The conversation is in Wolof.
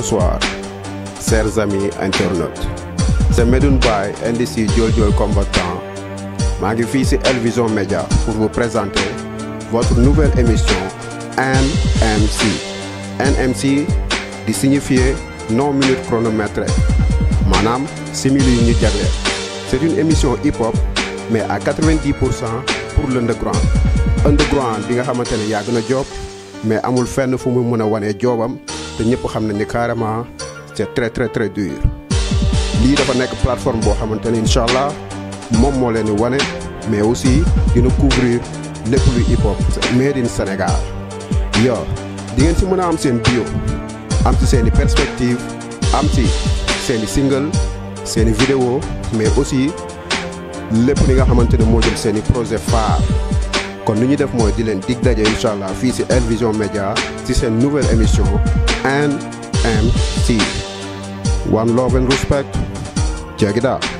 bonsoir, chers amis internautes. C'est Médon Baye, NDC Diol combattant. Magnifique ngi Elvision Media pour vous présenter votre nouvelle émission NMC. NMC signifie signifier non minute chronomètre Madame simili c'est une émission hip-hop mais à 90 pour l'underground. underground nga a un job mais amul fenn a te ñëpp xam ni carrément c'est très très très dur lii dafa nekk plateforme boo xamante ne incha allah moom moo mais aussi dina couvrir lépp luy hip hop made in Sénégal yoo di ngeen si mën a am seen bio am si seen i perspective am si seen i single seen i vidéo mais aussi lépp li nga xamante ne moo jël seen i projet phare kon lu ñu def mooy di leen dig daje incha fii si El Vision Média ci seen nouvelle émission NMC One Love and Respect check it out